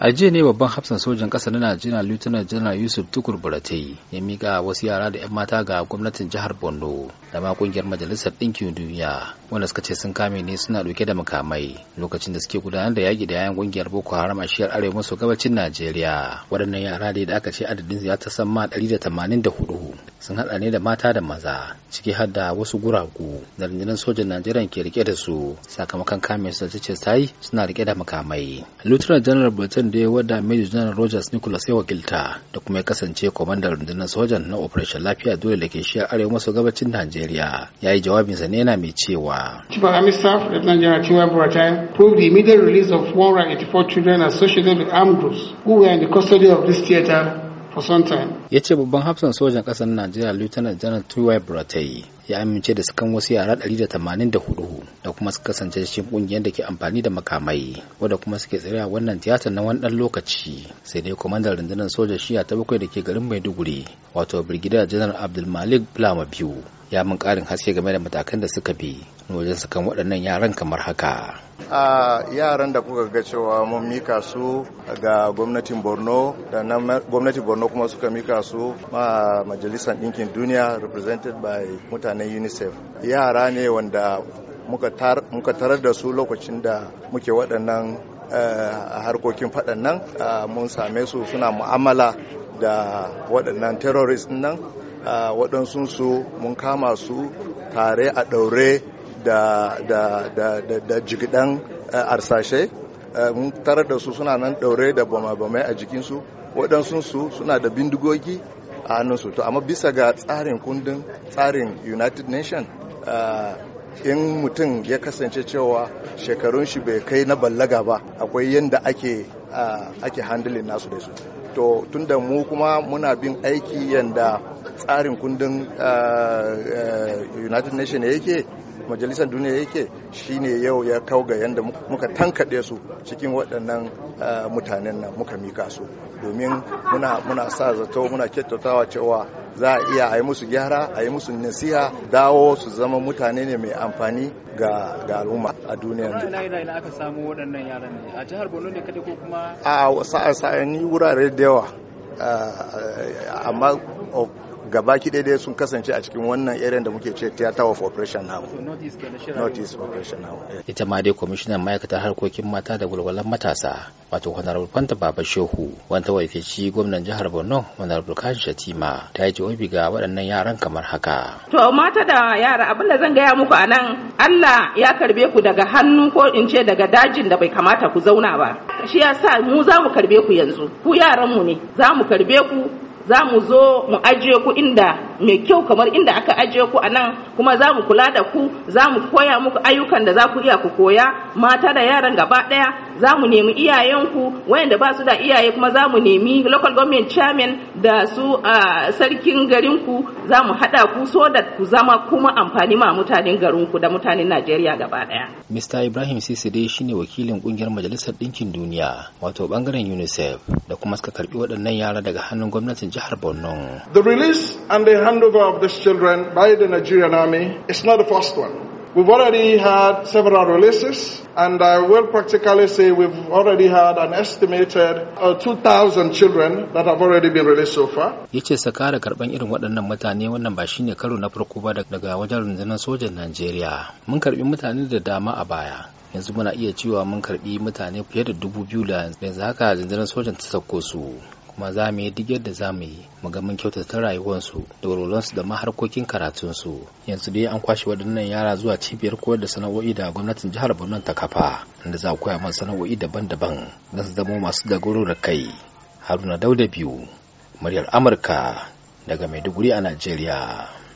a jiya ne babban hafsan sojan ƙasa na najeriya lieutenant general yusuf tukur buratai ya mika wasu yara da 'yan mata ga gwamnatin jihar borno da ma kungiyar majalisar ɗinkin duniya wanda suka ce sun kame ne suna ɗauke da makamai lokacin da suke gudanar da yaƙi da yayan kungiyar boko haram a shiyar arewa maso gabacin najeriya waɗannan yara da aka ce adadin ya ta sama hudu sun haɗa ne da mata da maza ciki har da wasu guragu da rundunar sojan najeriya ke rike da su sakamakon kame su da ta ce sai suna rike da makamai lieutenant general buratai da ya wada Major General Rogers Nicholas ya wakilta da kuma ya kasance kwamandan rundunar sojan na Operation Lafiya dole da ke shiyar arewa maso gabacin Najeriya. Ya yi jawabinsa ne yana mai cewa. Chief of Army Staff Lieutenant General Chiwa Buratai proved the immediate release of 184 children associated with armed groups who were in the custody of this theater for Ya ce babban hafsan sojan kasar Najeriya Lieutenant General Chiwa Buratai ya amince da sukan wasu yara 184 da kuma su kasance cikin kungiyar da ke amfani da makamai wadda kuma suke tsira wannan tiyatar na wani dan lokaci sai dai kwamandan rundunar sojan shiya ta bakwai da ke garin maiduguri wato brigadier general abdulmalik blama biyu ya mun karin haske game da matakan da suka bi wajen sukan waɗannan yaran kamar haka a yaran da kuka ga cewa mun mika su ga gwamnatin borno da na gwamnatin borno kuma suka mika su ma majalisar ɗinkin duniya represented by mutane na unicef yara ne wanda muka tarar da su lokacin da muke waɗannan eh, harkokin faɗan nan ah, mun same su suna mu'amala da waɗannan terrorist nan ah, waɗansunsu mun kama su tare a ɗaure da, jigidan eh, arsashe eh, mun tarar da su suna nan ɗaure da bama-bamai a jikinsu waɗansunsu suna da bindigogi a hannunsu to amma bisa ga tsarin kundin tsarin united nation eh, in mutum ya kasance cewa shekarun shi bai kai na ballaga ba akwai yadda ake eh, ake handling nasu da su to tunda mu kuma muna bin aiki yadda tsarin kundin eh, united nation yake majalisar duniya yake shine yau ya kau ga yadda muka tankaɗe su cikin waɗannan eh, mutanen nan muka mika su domin muna sa zato muna kyautatawa cewa za a iya a yi musu gyara a yi musu nasiha dawo su zama mutane ne mai amfani ga al'umma a duniya ina ne a jihar Borno ne kuma a sa'a sa'a ni wurare da yawa eh, eh, amma ki daidai sun kasance a cikin wannan area da muke ce theater of operation now" notice of operation now" eh. ita ma dai kwamishinan ma'aikatar harkokin mata da walwalan matasa wato honorable fanta baba shehu wanda waifici gwamnan jihar borno honorable kashi shatima ta yi jawabi ga waɗannan yaran kamar haka to mata da yara abin da zan gaya muku anan allah ya karbe ku daga hannu ko in ce daga dajin da bai kamata ku zauna ba shi yasa mu za mu karbe ku yanzu ku yaran mu ne za mu karbe ku za mu zo mu ajiye ku inda mai kyau kamar inda aka ajiye ku a nan kuma za mu kula da ku za mu koya muku ayyukan da za ku iya ku koya mata da yaran gaba ɗaya za mu nemi iyayenku wayanda ba su da iyaye kuma za mu nemi local government chairman da su a sarkin garinku za mu haɗa ku so da ku zama kuma amfani ma mutanen garinku da mutanen Najeriya gaba daya. Mr. Ibrahim Sisi dai shine wakilin kungiyar Majalisar Ɗinkin Duniya wato bangaren UNICEF da kuma suka karbi waɗannan yara daga hannun gwamnatin The release and the handover of these children by the Nigerian army is not the first one. We've already had several releases, and I will practically say we've already had an estimated uh, 2,000 children that have already been released so far. Ya ce saka da karban irin waɗannan mutane wannan ba shine karo na farko ba daga wajen rundunar sojan Najeriya. Mun mutane da dama a baya. Yanzu muna iya cewa mun mutane fiye da dubu biyu da yanzu haka rundunar sojan ta su. kuma za mu yi duk yadda za mu yi mu ga mun kyautata rayuwarsu da walwalansu da ma harkokin karatunsu yanzu dai an kwashe waɗannan yara zuwa cibiyar koyar da sana'o'i da gwamnatin jihar Borno ta kafa inda za a koya masu sana'o'i daban-daban don su zama masu dagoro da kai Haruna Dauda biyu muryar Amurka daga Maiduguri a Najeriya